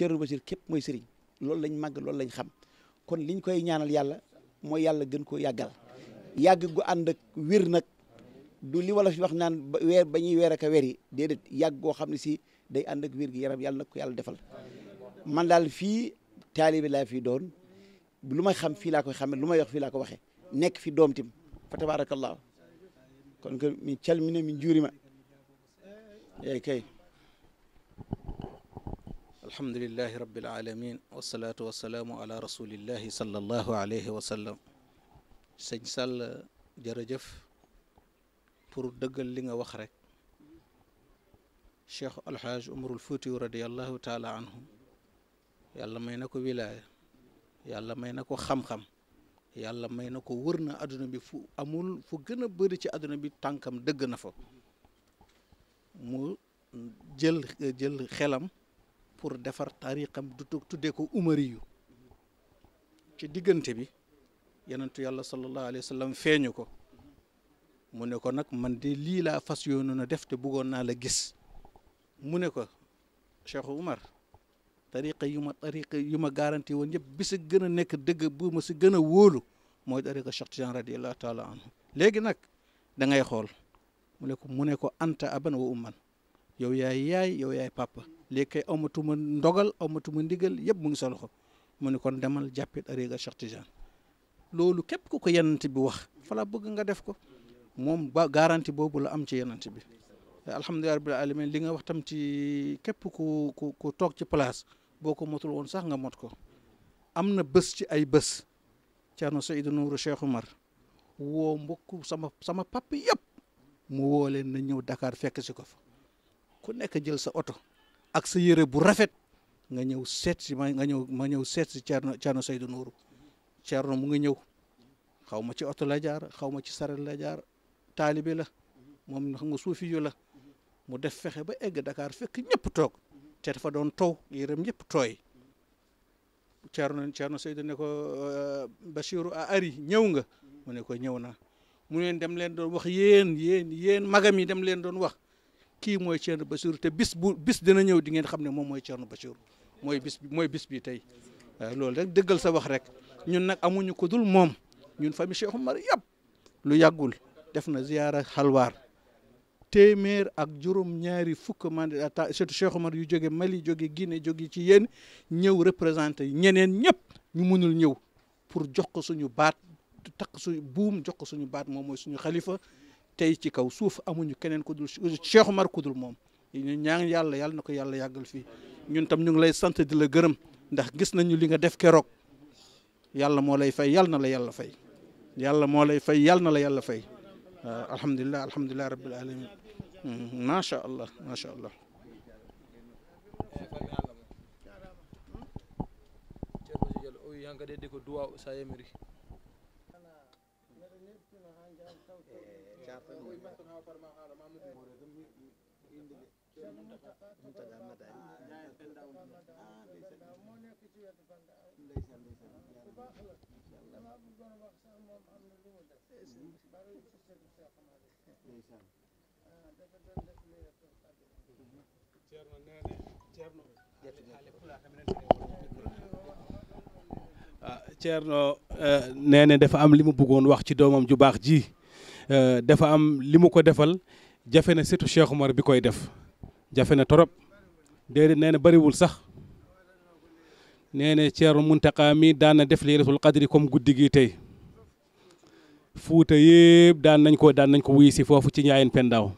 Thierno Bachir képp mooy sëriñ loolu lañ màgg lool lañ xam kon liñ koy ñaanal yàlla mooy yàlla gën koo yàggal yàgg gu ànd ak wér nag du li wala fi wax naan ba weer ba ñuy weer ak a weer yi déedéet yàgg goo xam ne si day ànd ak wér gi yaram yàlla na ko yàlla defal man daal fii taalibe laa fi doon lu may xam fii laa koy xamee lu may wax fii laa ko waxee nekk fi doom tim fa tabaarakallahu kon que mi calmina mi juurima eeyi eh, الحمد لله رب العالمين والصلاة والسلام على رسول الله صلى الله عليه wa sallam sëñ Sall jërëjëf pour dëggal li nga wax rek cheikh alxaaj umarul fuutiyu radiallahu taala anhu yàlla may na ko wilaaya yàlla may na ko xam-xam yàlla may na ko wër na àdduna bi fu amul fu gën a bëri ci àdduna bi tànkam dëgg na fa mu jël jël xelam pour défar tariqam du tuddee ko umari yu ci digënté bi yanantu yalla sallallahu alayhi wasallam feñu ko mu ne ko nak man de li la fas yoonu na def te bëggon na la gis mu ne ko cheikh oumar tariqa yuma tariqa yuma garanti woon yëpp bi si dëgg bu ma ci gëna wolu moy tariqa cheikh radiyallahu taala anhu legi nak, da ngay xol mu ne ko mu ne ko anta aban wa umman yow yaay yaay yow yaay papa léegi kay amatuma ndogal amatuma ndigal yeb mu ngi sa loxo mu ne kon demal jàppit areega Cheikh Tidiane lolou kep ku ko yenant bi wax fala bëgg nga def ko mom ba garantie bobu la am ci yenant bi alhamdulilah rabbil alamin li nga wax tam ci kep ku ku tok ci place boko ko motul woon sax nga mot ko amna bëss ci ay bés Thierno Seydou nour Cheikh omar wo mbokk sama sama papi yeb mu wolé na ñew Dakar fekk ci ko fa ku nekk jël sa auto ak sa yére bu rafet nga ñëw seet si ma nga ñëw ma ñëw seet si Thierno Thierno Seydou Nourou Thierno mu ngi ñëw xaw ma ci oto la jaar xaw ma ci saret la jaar taalibe la moom xam nga suufi yu la mu def fexe ba egg Dakar fekk ñëpp toog te dafa doon taw yéram ñëpp tooy Thierno Thierno Seydou ne ko euh, Bachirou a ari ñëw nga mu ne ko ñëw na mu neen dem leen doon wax yéen yéen yéen magam yi dem leen doon wax kii mooy Thierno Bachir te bis bu bis dina ñëw di ngeen xam ne moom mooy Thierno Bachir mooy bis bi mooy bis bi tey loolu rek dëggal sa wax rek ñun nag amuñu ko dul moom ñun famille Cheikh Oumar lu yàggul def na ziyaara xalwaar téeméer ak juróom fukk mandata surtout Cheikh yu jóge Mali jóge Guinée jóge ci yéen ñëw représenté ñeneen ñëpp ñu mënul ñëw pour jox ko suñu baat takk suñu buum jox ko suñu baat moom mooy suñu xalifa tey ci kaw suuf amuñu keneen ku dul Cheikh Omar moom ñun ñaan yàlla yàlla na ko yàlla yàggal fi ñun tam ñu ngi lay sant di la gërëm ndax gis nañu li nga def keroog yàlla moo lay fay yàlla na la yàlla fay yàlla moo lay fay yàlla na la yàlla fay alhamdulilah alhamdulilah rabbil alamin hmm, allah macha allah. Hmm? ceerno o wiyanka de de ko kaapa muntaga madari eh, Ceerno eh, dafa am limu mu wax ci ju ji Euh, dafa am li mu ko defal jafe na surtout Cheikh Omar bi koy def jafe na torop déedéet nee na bariwul sax nee na Ceerno Muntaqa mii daan na def Laylatul Qadri comme guddi gii tey fuute yëpp daan nañ ko daan nañ ko wuy si foofu ci ñaayen pendaaw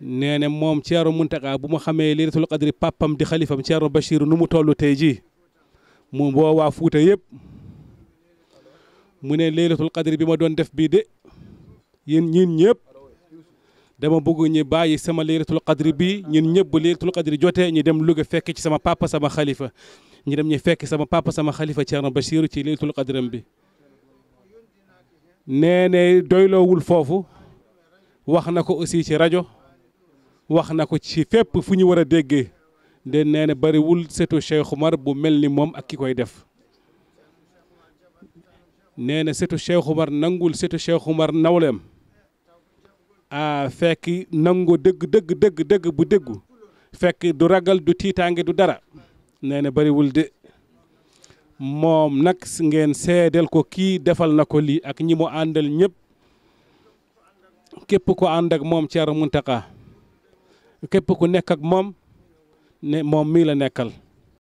nee na moom Ceerno Muntaqa bu ma xamee Laylatul Qadri papam di xalifam Ceerno Bachir nu mu toll tey jii mu boo waa fuuta yëpp mu ne laylatul qadri bi ma doon def bii de yéen ñun ñëpp dama bëgg ñu bàyyi sama laylatul qadri bii ñun ñëpp bu laylatul qadri jotee ñu dem Louga fekk ci sama papa sama xalifa ñu dem ñi fekk sama papa sama xalifa Thierno Bachir ci laylatul qadram bi nee ne doyloowul foofu wax na ko aussi ci rajo wax na ko ci fépp fu ñu war a déggee de nee ne bariwul setu Cheikh Oumar bu mel ni moom ak ki koy def nee na setu Cheikh Oumar nangul setu Cheikh Oumar nawleem a fekk nangu dëgg dëgg dëgg dëgg bu dëggu fekk du ragal du tiitaange du dara nee na bariwul de moom nag ngeen seedeel ko kii defal na ko lii ak ñi mu àndal ñépp képp ko ànd ak moom Thierno Mountakha képp ku nekk ak moom ne moom mii la nekkal